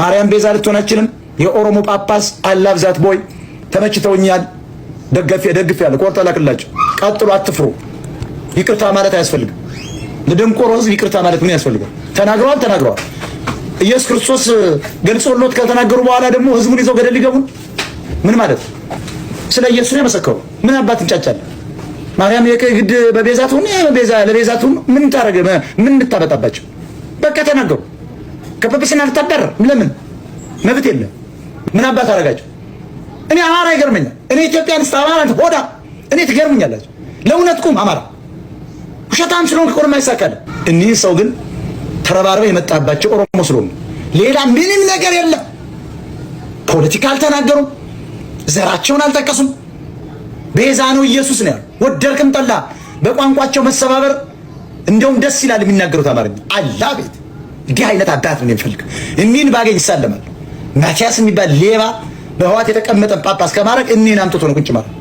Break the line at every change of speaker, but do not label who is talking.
ማርያም ቤዛ ልትሆን የኦሮሞ ጳጳስ አላብዛት ዛት ቦይ ተመችተውኛል። ደገፍ ደግፍ ያለ ቆርጠ ላክላቸው። ቀጥሎ አትፍሩ። ይቅርታ ማለት አያስፈልግም። ለደንቆሮ ህዝብ ይቅርታ ማለት ምን ያስፈልጋል? ተናግረዋል ተናግረዋል። ኢየሱስ ክርስቶስ ገልጾሎት ከተናገሩ በኋላ ደግሞ ህዝቡን ይዘው ገደል ሊገቡ ምን ማለት ስለ ኢየሱስ ነው የመሰከሩ። ምን አባት እንጫጫለን? ማርያም የግድ በቤዛቱን ለቤዛቱን ምን ታረገ? ምን እንታመጣባቸው? በቃ ተናገሩ። ከጵጵስና ልታባረር ለምን መብት የለም? ምን አባት አደረጋቸው? እኔ አማራ ይገርመኛል። እኔ ኢትዮጵያን ስጥ አማራ ሆዳ እኔ ትገርሙኛላችሁ። ለእውነት ቁም አማራ። ውሸታም ስለሆንክ ከኦሮሞ አይሳካልም። እኒህ ሰው ግን ተረባርበ የመጣባቸው ኦሮሞ ስለሆኑ ሌላ ምንም ነገር የለም። ፖለቲካ አልተናገሩም። ዘራቸውን አልጠቀሱም። ቤዛ ነው ኢየሱስ ነው ያሉ። ወደድክም ጠላ በቋንቋቸው መሰባበር እንደውም ደስ ይላል የሚናገሩት አማርኛ አላ ቤት እንዲህ አይነት አባት ነው የሚፈልግ። እኒን ባገኝ ይሳለማል። ማቲያስ የሚባል ሌባ በህዋት የተቀመጠ ጳጳስ ከማድረግ እኒህን አምጥቶ ነው ቁጭ ማለት